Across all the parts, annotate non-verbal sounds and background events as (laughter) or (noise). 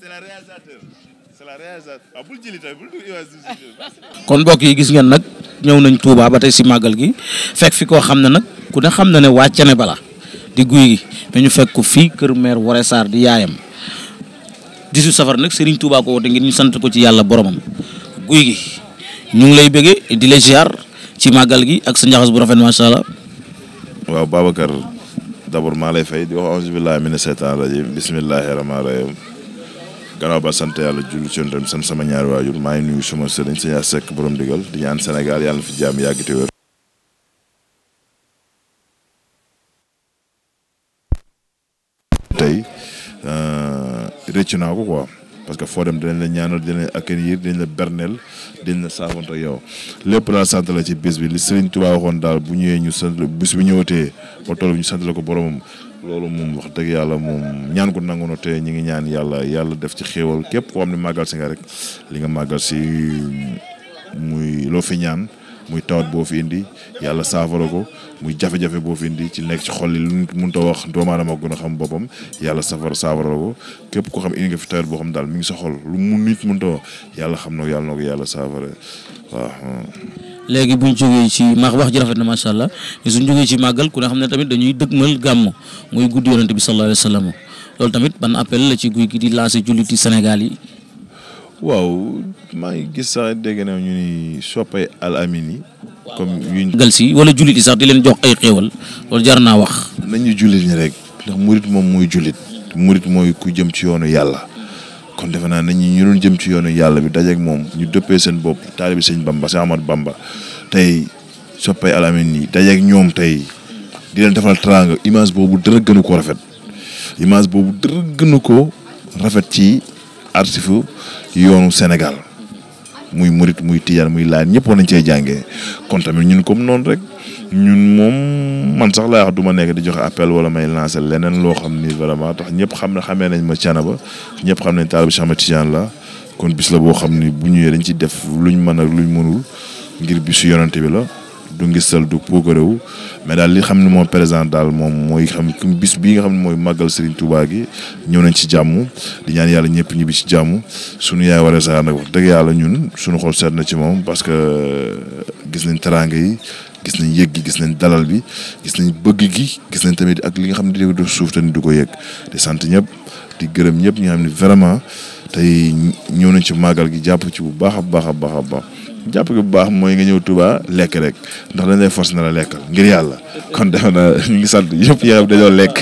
Ah, kon mbokk yi gis ngeen nag ñëw nañ Touba ba tey si màggal gi fekk fi koo xam ne nag ku ne xam na ne waa Cene bala di guy gi mais fekk ko fii kër maire Woré Sarr di yaayam 18 safar nag Serigne Touba ko woote ngir ñu sant ko ci yàlla boromam guy gi ñu ngi lay bëggee di lay ziar ci màggal gi ak sa njaxas bu rafet macha allah. waaw Babacar d'abord maa lay fay di wax auzu billahi mina seytaan gannaaw ba sant yàlla julli ci yonent sama ñaari waajur maa ngi nuyu suma sëriñ sëñ yaa sekk borom digal di ñaan Sénégal yàlla na fi jàmm yàgg te wér tey euh, ko quoi parce que foo dem dinañ la ñaanal dinañ la accueillir dinañ la berneel dinañ la saafante ak lépp laa sant la ci bis bi li Serigne Touba waxoon daal bu ñëwee ñu sant bis bu ñëwatee ba toll ñu sant la ko boromam loolu moom wax dëgg yàlla moom ñaan ko nangu na te ñu ngi ñaan yàlla yàlla def ci xéewal képp koo xam ne màggal si nga rek li nga màggal si muy loo fi ñaan. muy tawat boo fi indi yàlla saafara ko muy jafe-jafe boo fi indi ci nekk ci xol yi lu mënut a wax doomu aadama gën a xam boppam yàlla safar saafara ko képp koo xam indi nga fi tawat boo xam daal mi ngi sa xol lu mu nit mënut a wax yàlla xam na ko yàlla na ko yàlla léegi bu ñu jógee ci ma wax ji rafet na macha allah suñ jógee ci màggal ku ne xam ne tamit dañuy dëgmal gàmm muy guddi yonent bi sallallahu alayhi wa sallam loolu tamit ban appel la ci guy gi di lancer waaw maa ngi gis sax dégg na ñu ni soppay al amin yi. comme yuñ. gal si wala jullit yi sax di leen jox ay xéewal loolu jar naa wax. nañu jullit ñi rek ndax murit moom muy jullit murit mooy ku jëm ci yoonu yàlla kon defe naa nañ ñu doon jëm ci yoonu yàlla bi dajeeg moom ñu dëppee seen bopp taalibi sëñ Bamba Cheikh amaat Bamba tey soppay al amin yi dajeeg ñoom tey di leen defal teraanga image boobu dara gënu ko rafet image boobu dara gënu ko rafet ci. artifu yoonu Sénégal muy murit muy tijaan muy laaj ñëpp war nañ cee jàngee kon tamit ñun comme noonu rek ñun moom man sax laa wax du ma nekk di joxe appel wala may lancer leneen loo xam ni vraiment tax ñëpp xam ne xamee nañ ma Thiénaba ñëpp xam nañ taalibe Cheikh Ahmed Tidiane la kon bis la boo xam ni bu ñëwee dañ ci def luñ mën ak luñ mënul ngir bisu yonante bi du ngistal du puukarewu mais daal li xam ne moom présent daal moom mooy xam bis bii nga xam ne mooy màggal Serigne Touba gi ñëw nañ ci jàmm di ñaan yàlla ñëpp ñibbi ci jàmm suñu yaay Waré Sarr nag wax dëgg yàlla ñun suñu xol seet na ci moom parce que gis nañ teraanga yi gis nañ yëg gi gis nañ dalal bi gis nañ bëgg gi gis nañ tamit ak li nga xam ne di ko def suuf te ni du ko yëg di sant ñëpp di gërëm ñëpp ñu xam ne vraiment tey ñëw nañ ci màggal gi jàpp ci bu baax a baax a baax a baax jàpp gi bu baax mooy nga ñëw tubaa lekk rek ndax dañ lay force na la lekkal ngir yàlla kon defe na ñu ngi sant yëpp dañoo lekk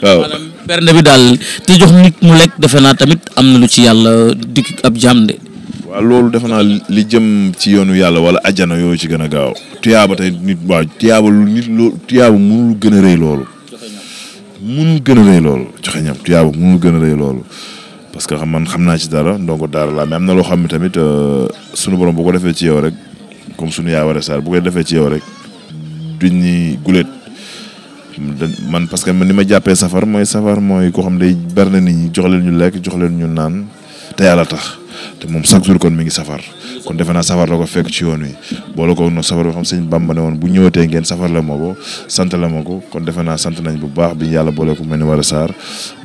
(laughs) daal te jox nit mu defe naa tamit am na lu ci yàlla dikk ab jaam de. waaw loolu defe naa li jëm ci yoonu yàlla wala ajana yooyu ci gën a gaaw. tuyaaba tey nit waaw tuyaaba lu nit loo tuyaaba mënul gën a rëy loolu. mënul gën a rëy loolu joxe tuyaaba mënul gën a rëy loolu. parce que man xam naa ci dara ndongo daara laa mais am na loo xam ne tamit euh, sunu borom bu ko defee ci yow rek comme sunu yaay war saar bu ko defee ci yow rek duñ ñi guléet man parce que man ni ma jàppee safar mooy safar mooy koo xam day bari na nit ñi jox leen ñu lekk jox leen ñu naan te yàlla tax. te moom chaque jour kon mi ngi safar kon defe naa safar la ko fekk ci yoon wi boole ko nag safar boo xam sëñ Bamba ne woon bu ñëwatee ngeen safar la ma ko sant la ma ko kon defe sant nañ bu baax bi yàlla boole ko mel ni Wara saar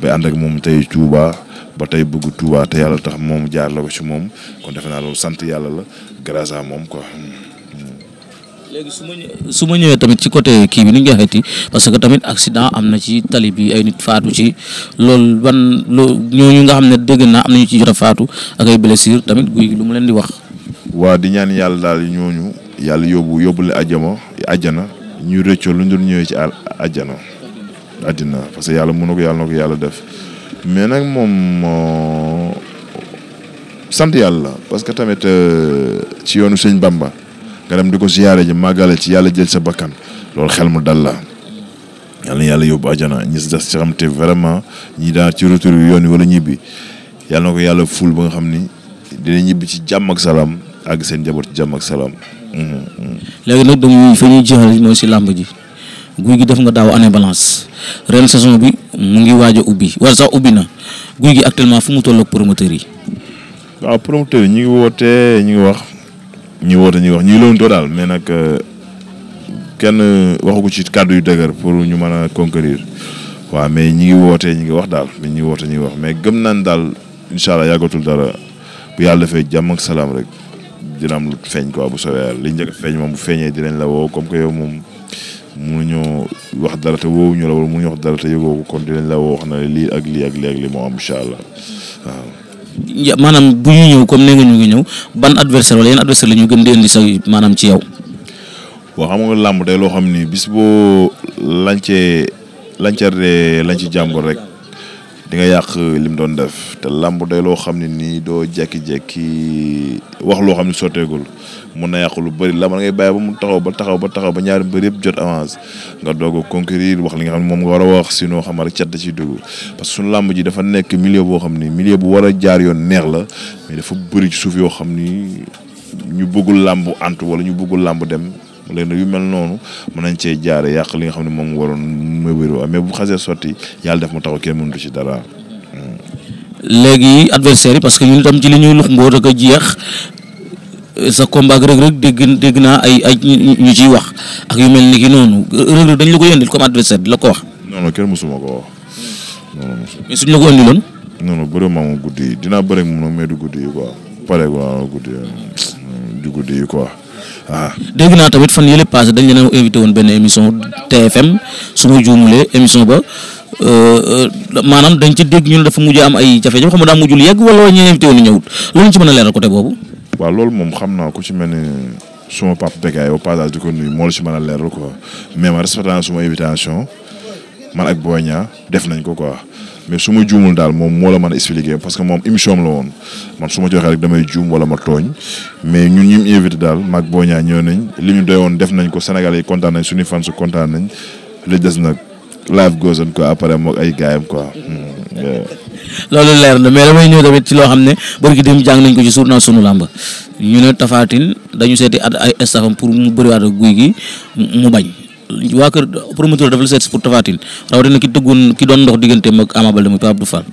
ba ànd ak moom tey Touba ba tey bëgg Touba te yàlla tax moom jaar la ko ci moom kon defe naa loolu sant yàlla la grâce à moom ko léegi su ma su ma ñëwee tamit ci côté kii bi nu ñu waxeeti parce que tamit accident am na ci tali bi ay nit faatu ci loolu ban loo ñooñu nga xam ne dégg naa am nañu ci jot a faatu ak ay blessure tamit guy lu mu leen di wax. waaw di ñaan yàlla daal ñooñu yàlla yóbbu yóbbule ajjama ajjana ñu rëccoo lu ñu doon ñëwee ci ajjana àddina parce que yàlla mën na ko yàlla yàlla def mais nag moom sant yàlla parce que tamit euh, ci yoonu sëñ Bamba. nga dem di ko siyaare ji màggale ci yàlla jël sa bakkan loolu xel mu dal la yàlla yàlla yóbbu àjjana ñi si des ci xam te vraiment ñi daa ci retour bi yoon wala ñibbi yàlla na ko yàlla ful ba nga xam ni dina ñibbi ci jàmm ak salaam àgg seen njaboot ci jàmm ak salaam. Mhm, mhm. léegi nag dañuy fa ñuy jeexal mooy si làmb ji guy gi def nga daaw année balance ren saison bi mu ngi waaj a ubbi wala sax ubbi na guy gi actuellement fu mu toll ak promoteurs yi. waaw promoteurs yi ñu wax. ñi woote ñuy wax ñi ñuy lëwantoo daal mais nag euh, kenn waxu ko ci kàddu yu dëgër pour ñu man a conquérir waaw mais ñi ngi wootee ñi ngi wax daal mais ñi woote ñuy wax mais gëm naan daal incha allah yàggatul dara bu yàlla defee jàmm ak salaam rek dina am lu feeñ quoi bu soobee yàlla li njëkk feeñ moom bu feeñee dinañ la woo comme que yow moom mënuñoo wax dara te woowu ñu la wala mënuñoo wax dara te yëgoo ko kon dinañ la woo wax na lii ak lii ak lii ak moo am incha allah waaw. maanaam bu ñu ñëw comme nee nga ngi ñëw ban adversaire wala yenn adversaire la ñu gën di indi sa maanaam ci yow. waaw xam nga làmb de loo xam ni bis boo lancee lancer de lancer jàmbur rek. di nga yàq lim doon def te làmb de loo xam ne nii doo jekki-jekki wax loo xam ne sotteegul mun na yàq lu bari la man ngay bàyyi ba mu taxaw ba taxaw ba taxaw ba ñaari mbër yëpp jot avance nga doog a conquérir wax li nga xam ne moom nga war a wax sinon xam rek cat da ciy dugg parce que suñu làmb ji dafa nekk milieu boo xam ni milieu bu war a jaar yoon neex la mais dafa bëri ci suuf yoo xam ni ñu bëggul làmb antu wala ñu bëggul làmb dem léegi yu mel noonu mën nañ cee jaare yàq li nga xam ne moom waroon mu wér mais bu xasee soti yàlla def ma taxaw kenn mënatu ci dara. léegi adversaire yi parce que ñun tam ci li ñuy lux ngóor a jeex sa combat ak Reug dégg dégg naa ay ay ñu ciy wax ak yu mel ni ki dañ la ko yëndil comme adversaire di la ko wax. non non kenn mësuma ko wax. non non mais la ko ëndiloon. non non bëri maa guddi dinaa bëri ak moom mais du guddi yi quoi pare gu ma guddi du guddi yi quoi. waaw dégg naa tamit fan yële passé dañ leen invité woon benn émission TFM suma ma juumulee émission ba euh, euh, maanaam dañ ci dégg ñu ne dafa mujj am ay jafe-jafe xam nga daa mujjul yegg wala ñu invité woon ñëwut loolu ñu ci mën a leeral côté boobu. waaw loolu moom xam naa ko ci mel ni suma papa Bekkay au passage di ko nuyu moo la ci mën a leeral quoi mais ma respecté naa suma invitation man ak Boy Niang def nañ ko quoi. mais su ma juumul daal moom moo la mën a expliquer parce que moom émission am la woon man su ma joxee rek damay juum wala ma tooñ mais ñu ñi mu daal mag boo ñaa ñëw nañ li ñu doy woon def nañ ko sénégal yi kontaan nañ suñu fans kontaan nañ li des nag live goes on quoi après moog ay gaayam quoi. Hmm, loolu leer na mais damay ñëw tamit ci loo xam ne barki dem jàng nañ ko ci journal sunu làmb ñu ne Tapha Tine dañu seeti at ay estafam pour mu bëriwaat guy gi mu bañ. waa kër promoteur dafa la seet pour Tapha Tine rawatina ki tëggoon ki doon ndox digganteem ak Ama Baldé muy Pape Abdou Fall.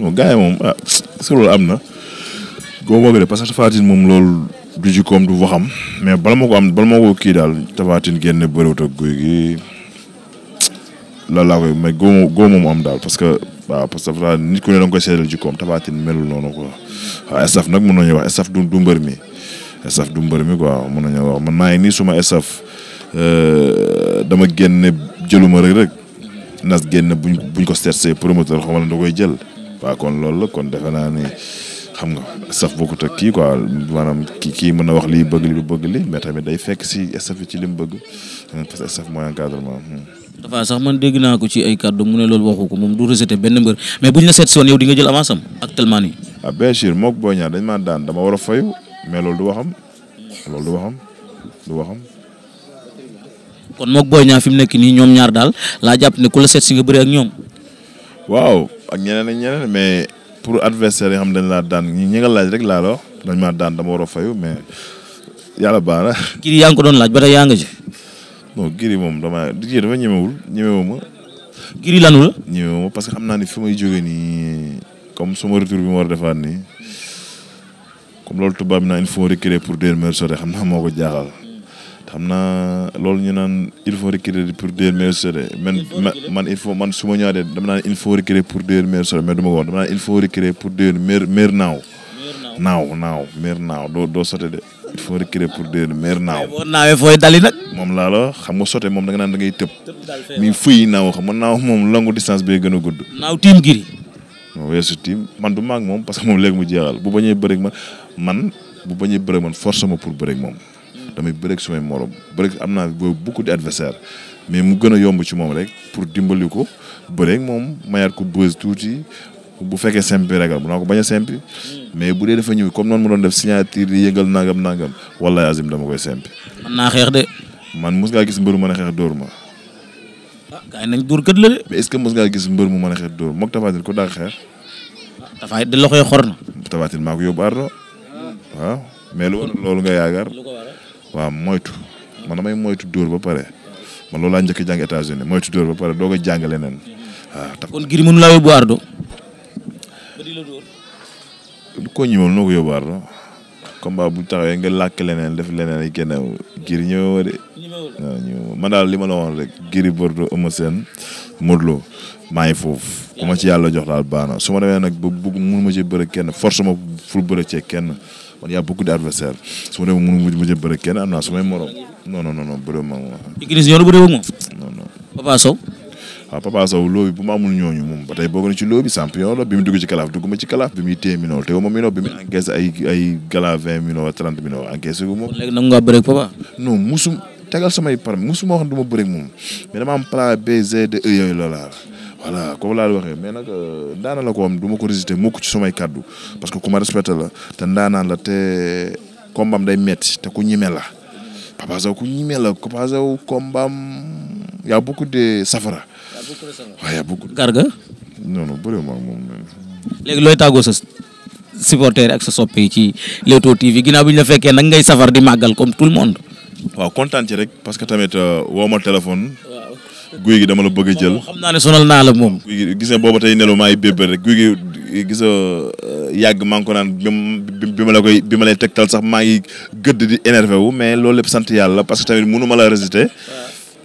moom ah si am moom loolu mais bala ma ko am bala kii daal Tapha Tine génne bëriwut ak guy gi koy may góob am daal parce que waaw parce que nit ku ne koy seedal ji koom Tapha noonu quoi nag mën nañu wax staff du du mbër mi staff du mbër mën nañu wax man maa ngi nii suma staff. Euh, dama génne jëluma rek rek nas génn buñ buñ ko seet see promoteur xamal na da koy jël waa kon loolu la kon defe naa ni xam nga saf bokkut ak kii quoi maanaam kii kii mën na wax lii bëgg li bëgg li mais tamit day fekk si saf ci li mu bëgg parce que saf mooy encadrement. dafa hmm. sax man dégg naa ko ci ay kàddu mu ne loolu waxu ko moom du rejeté benn mbër mais buñ la seet si woon yow di nga jël avance am actuellement nii. Ah, dañ maa daan dama war a fayu mais loolu du waxam loolu du waxam du waxam. kon moog booy Niang fi mu nekk nii ñoom ñaar daal laa jàpp ne ku la seet si nga bëri ak ñoom. waaw ak ñeneen ak mais pour adversaire yi xam dañ laa daan ñi ñi nga laaj rek laalo la dañ daan dama war a fayu mais yàlla baax na. kii (laughs) yaa ngi ko doon laaj ba tey yaa nga ci. non giri moom dama giri dafa ñemewul ñemewuma. giri lanu la. ñemewuma parce que xam naa ni fi may jógee nii comme sama retour bi war a defaat nii comme loolu tubaab bi naan il faut reculer pour derrière sori xam naa moo ko jaaxal. xam naa loolu ñu naan il faut recruter pour des meilleurs soldats man man il man su ma ñëwaatee dama naan il faut recruter pour des meilleurs soldats mais du ma ko wax dama naan il faut recruter pour des meilleurs meilleurs naaw. naaw naaw meer naaw doo doo sote de il faut recruter pour des meer naaw. boo naawee fooy dali nag. moom laa la xam nga sote moom danga naan da ngay tëb. mi fuy naaw xam nga naaw moom longue distance bee gën a gudd. naaw tiim giri. ma man du maak moom parce que moom léegi mu jeexal bu bañee bëreeg man man bu bañee bëreeg man force ma pour bëreeg moom. damay bëreeg sumay morom bëreeg am naa beaucoup d'adversaires mais mu gën a yomb ci moom rek pour dimbali ko bëreeg moom mayaat ko bës tuuti bu fekkee simp bi a bu naa ko bañ a hmm. mais bu dee dafa ñëw comme noonu ma doon def signature yi yëngal nangam nangam wallaay azim dama koy simpi. mën naa xeex de. man mus ngaa gis mbër mu mën a xeex dóor ma. ah gars nañ dóor kët la de. mais est ce que gis mbër mu mën a xeex dóor moog Tafaatine ko daa xeex. Ah, Tafaatine de loxo yi xor na. Tafaatine maa ko yóbbu Ardo ah. mais lu loolu nga yaakaar. waaw moytu man damay moytu dóor ba pare man loolu laa njëkk a jàng États-Unis moytu dóor ba pare doog a jàng leneen waaw. kon Gris mënu laa yóbbu Ardo. ba di la dóor. koo ñëwal noo ko yóbbu Ardo combat bu taxawee nga làkk leneen def leneen ay génnew Gris ñëwoo de. waaw daal li ma la wax rek Gris Bordeaux Eumeu Sène Modou Lo maa ngi foofu. ku ma ci yàlla jox daal baax na su ma demee nag ba bëgg mënu ci bëre kenn force ma ful bëre cee kenn man y' a beaucoup d' adversaire su ma demee ma ci bëre kenn am naa su ma moom. Igris yoonu bëre moom. non non. Papa ah, ma moom ba tey na ci loobi champion la bi mu dugg ci kalaaf dugg ma ci kalaaf bi muy téye million te ma million bi mu encaissé ay ay gala vingt million trente samay par musuma wax du ma bëre ak moom mais dama am plan B Z D E yooyu voilà comme laa waxe mais nag euh, daana la ko du ma ko résister mukk ci sumay kàddu parce que ku ma la te ndaanaan la te kombaam day metti te ku ñime la Papa Sow ku ñime la Papa Sow kombaam de safara. waaw yaa Garga. non non bëriwuma ak moom. léegi looy tàggoo sa supporter ak sa yi ci Leewtoo TV ginnaaw bi ñu la fekkee nag ngay safar di màggal comme tout le monde. waaw kontaan ci rek parce que tamit euh, woo ma téléphone. guy gi dama la bëgg jël. xam naa ne sonal naa la moom. gis nga booba tey nelu maay bébër rek guy gis euh, yàgg maa ngi ko naan bi ma la koy bi ma lay tegtal sax maa ngi gëdd di énervé mais loolu lépp sant yàlla parce que tamit mënu ma la résister.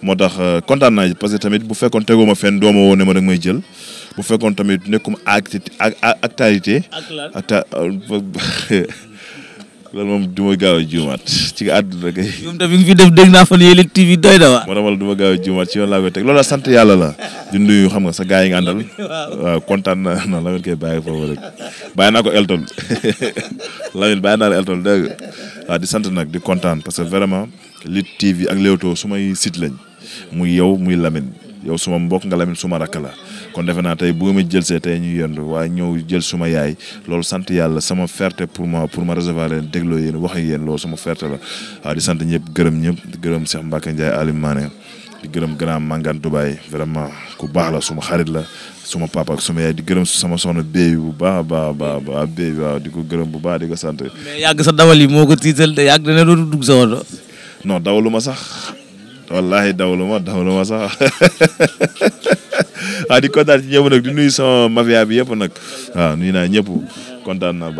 moo tax euh, kontaan naa parce que tamit bu fekkoon tegoo ma fenn doo ma woo ne ma rek may jël bu fekkoon tamit nekkum acti ak actualité. ak loolu moom du ma gaaw a juumaat ci àdduna kay. yow tamit fi def dégg naa fan yéen Lutte TV doy na wa. moo tax du ma gaaw a juumaat ci yoon loolu la sant yàlla la di nuyu xam nga sa gars yi nga àndal. waaw kontaan na non Lamine koy bàyyi naa ko Elton (laughs) Lamine bàyyi naa la Elton dégg di sant nag di kontaan parce que vraiment Lutte TV ak Leewtoo su may site lañ muy yow muy lamin yow suma mbokk nga lamin suma rakk la. kon defe naa tey bu nga ma jël see tey ñu yendu waaye ñëw jël suma yaay loolu sant yàlla sama fierté pour moi pour ma recevoir leen dégloo yéen wax ak yéen loolu sama ferte la waaw di sant ñëpp gërëm ñëpp di gërëm Cheikh Mbacke Ndiaye Aliou di gërëm grand Mangane Dubaay vraiment ku baax la suma xarit la suma papa ak suma yaay di gërëm sama soxna béy bu baax baax baax baax béy waaw di gërëm bu baax di ko sant. mais yàgg sa dawal yi moo ko tiital te yàgg dana doon dugg sa woto. non dawaluma sax wallaahi dawaluma dawaluma sax. (laughs) waaw (laughs) di kontaan ci ñëpp nag di nuyu sama mafia bi yëpp nag waaw ñëpp kontaan naa